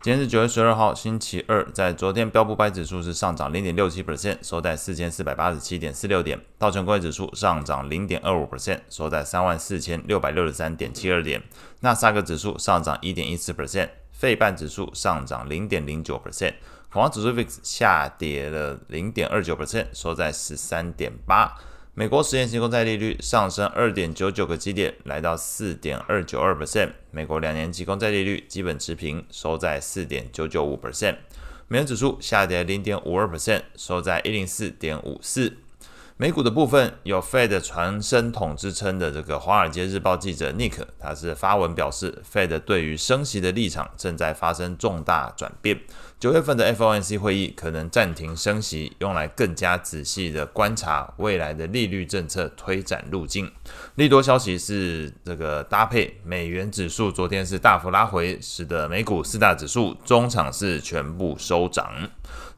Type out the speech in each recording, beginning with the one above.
今天是九月十二號，星期二。在昨天，標普五百指數是上漲零點六七 percent，收在四千四百八十七點四六點。道瓊工業指數上漲零點二五 percent，收在三萬四千六百六十三點七二點。納斯達克指數上漲一點一四 percent，費半指數上漲零點零九 percent。恐慌指數 VIX 下跌了零點二九 percent，收在十三點八。美國十年期公債利率上升二點九九個基點，來到四點二九二 percent。美國兩年期公債利率基本持平，收在四點九九五 percent。美元指數下跌零點五二 percent，收在一零四點五四。美股的部分，有 Fed 傳聲筒之稱的這個《華爾街日報》記者 Nick，他是發文表示，Fed 對於升息的立場正在發生重大轉變。九月份的 FOMC 會議可能暫停升息，用來更加仔細的觀察未來的利率政策推展路徑。利多消息是這個搭配美元指數，昨天是大幅拉回，使得美股四大指數終場是全部收漲。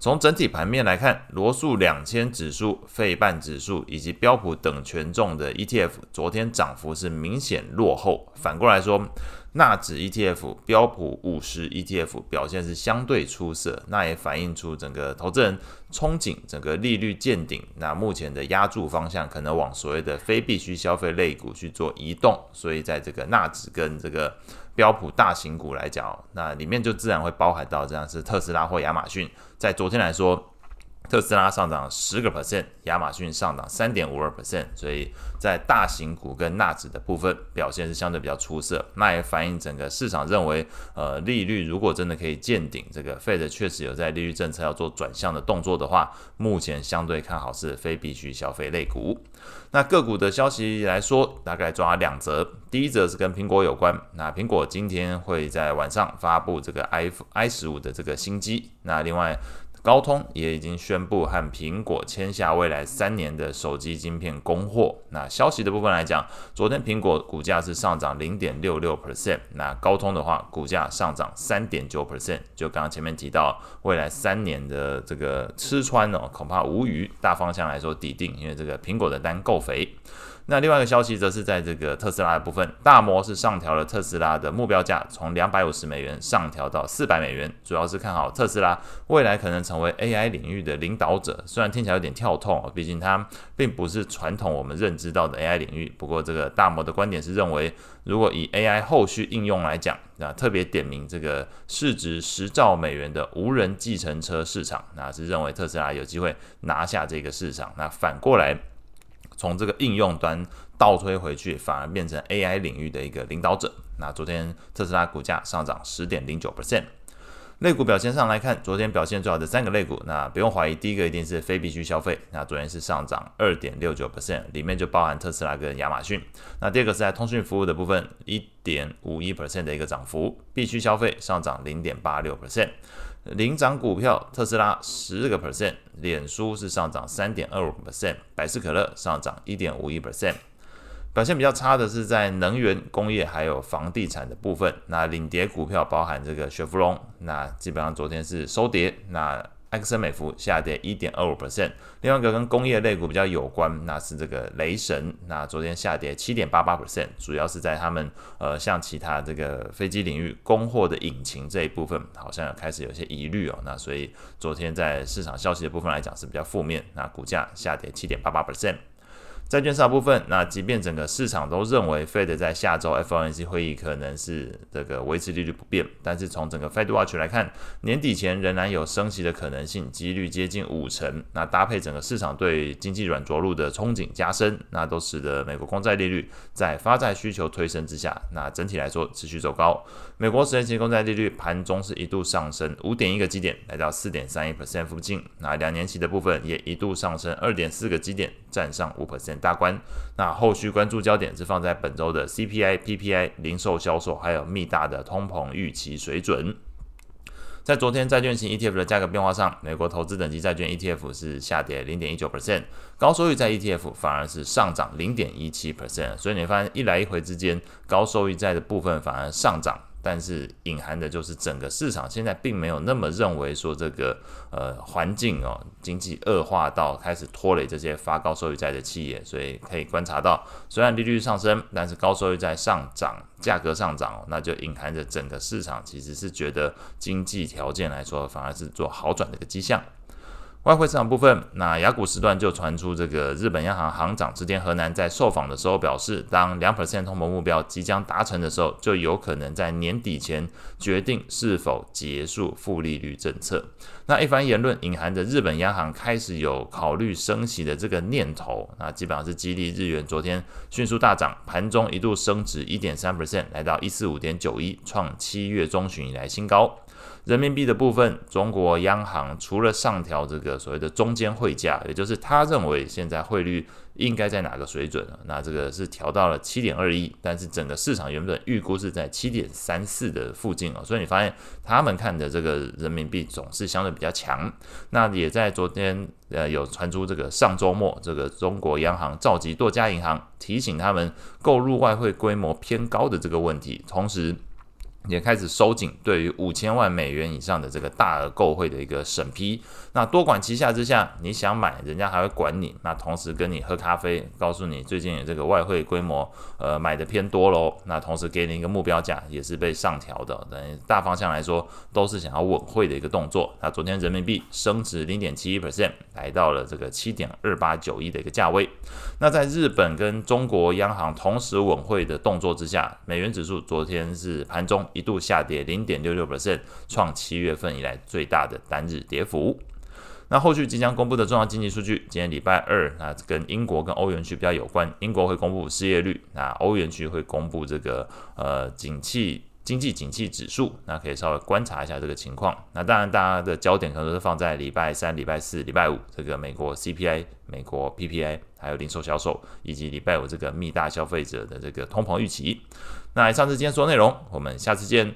從整體盤面來看，羅素兩千指數、費半指數以及標普等權重的 ETF，昨天漲幅是明顯落後。反過來說，納指 ETF、標普五十 ETF 表現是相對出色，那也反映出整個投資人憧憬整個利率見頂。那目前的押注方向可能往所謂的非必需消費類股去做移動，所以在這個納指跟這個標普大型股來講，那裡面就自然會包含到這樣是特斯拉或亞馬遜。在昨天來說。特斯拉上漲十個 percent，亞馬遜上漲三點五二 percent，所以在大型股跟納指的部分表現是相對比較出色，那也反映整個市場認為，呃，利率如果真的可以見頂，這個 Fed 確實有在利率政策要做轉向的動作的話，目前相對看好是非必需消費類股。那個股的消息來說，大概抓兩則，第一則是跟蘋果有關，那蘋果今天會在晚上發布這個 iPhone 十五的這個新機，那另外。高通也已經宣布，和蘋果簽下未來三年的手機晶片供貨。那消息的部分來講，昨天蘋果股價是上漲零點六六 percent，那高通的話，股價上漲三點九 percent。就剛剛前面提到，未來三年的這個吃穿哦，恐怕無虞。大方向來說，底定，因為這個蘋果的單夠肥。那另外一個消息，則是在這個特斯拉的部分，大摩是上調了特斯拉的目標價，從兩百五十美元上調到四百美元，主要是看好特斯拉未來可能成為 AI 領域的領導者。雖然聽起來有點跳痛，畢竟它並不是傳統我們認知到的 AI 領域。不過，這個大摩的觀點是認為，如果以 AI 後續應用來講，那特別點名這個市值十兆美元的無人計程車市場，那是認為特斯拉有機會拿下這個市場。那反過來。從這個應用端倒推回去，反而變成 AI 領域的一個領導者。那昨天特斯拉股價上漲十點零九 percent，類股表現上來看，昨天表現最好的三個類股，那不用懷疑，第一個一定是非必須消費，那昨天是上漲二點六九 percent，裡面就包含特斯拉跟亞馬遜。那第二個是在通訊服務的部分，一點五一 percent 的一個漲幅，必須消費上漲零點八六 percent。領漲股票，特斯拉十個 percent，臉書是上漲三點二五 percent，百事可樂上漲一點五一 percent。表現比較差的是在能源、工業還有房地產的部分。那領跌股票包含這個雪佛龍，那基本上昨天是收跌。那。埃克森美孚下跌一點二五 percent，另外一個跟工業類股比較有關，那是這個雷神，那昨天下跌七點八八 percent，主要是在他們呃向其他這個飛機領域供貨的引擎這一部分，好像開始有些疑慮哦，那所以昨天在市場消息的部分來講是比較負面，那股價下跌七點八八 percent。債券市場部分，那即便整個市場都認為 Fed 在下周 FOMC 會議可能是這個維持利率不變，但是從整個 Fed Watch 來看，年底前仍然有升息的可能性，機率接近五成。那搭配整個市場對經濟軟着陸的憧憬加深，那都使得美國公債利率在發債需求推升之下，那整體來說持續走高。美國十年期公債利率盤中是一度上升五點一個基點，來到四點三一 percent 附近。那兩年期的部分也一度上升二點四個基點，站上五 percent，大關，那後續關注焦點是放在本周的 CPI、PPI、零售銷售，還有密大的通膨預期水準。在昨天債券型 ETF 的價格變化上，美國投資等級債券 ETF 是下跌零點一九 percent，高收益債 ETF 反而是上漲零點一七 percent。所以你發現一來一回之間，高收益債的部分反而上漲。但是隱含的就是整個市場現在並沒有那麼認為說這個呃環境哦經濟惡化到開始拖累這些發高收益債的企業，所以可以觀察到，雖然利率上升，但是高收益債上漲，價格上漲哦，那就隱含着整個市場其實是覺得經濟條件來說反而是做好轉的一個跡象。外匯市場部分，那亞股時段就傳出這個日本央行行長植田和男在受訪的時候表示，當兩 percent 通膨目標即將達成的時候，就有可能在年底前決定是否結束負利率政策。那一番言論隱含着日本央行開始有考慮升息的這個念頭。那基本上是激勵日元。昨天迅速大漲，盤中一度升值一點三 percent，來到一四五點九一，創七月中旬以來新高。人民幣的部分，中國央行除了上調這個。所謂的中間匯價，也就是他認為現在匯率應該在哪個水準？那這個是調到了七點二一，但是整個市場原本預估是在七點三四的附近。哦，所以你發現他們看的這個人民幣總是相對比較強。那也在昨天呃，有傳出這個上週末這個中國央行召集多家銀行，提醒他們購入外匯規模偏高的這個問題，同時。也開始收緊對於五千萬美元以上的這個大額購匯的一個審批。那多管齊下之下，你想買，人家還會管你。那同時跟你喝咖啡，告訴你最近這個外匯規模呃買的偏多嘍。那同時給你一個目標價，也是被上調的。等於大方向來說，都是想要穩匯的一個動作。那昨天人民幣升值零點七一 percent，來到了這個七點二八九一的一個價位。那在日本跟中國央行同時穩匯的動作之下，美元指數昨天是盤中。一度下跌零點六六 percent，創七月份以來最大的單日跌幅。那後續即將公布的重要經濟數據，今天禮拜二，那跟英國跟歐元區比較有關，英國會公布失業率，那歐元區會公布這個呃景氣。經濟景氣指數，那可以稍微觀察一下這個情況。那當然，大家的焦點可能都是放在禮拜三、禮拜四、禮拜五這個美國 CPI、美國 PPI，還有零售銷售，以及禮拜五這個密大消費者的這個通膨預期。那以上是今天說的內容，我們下次見。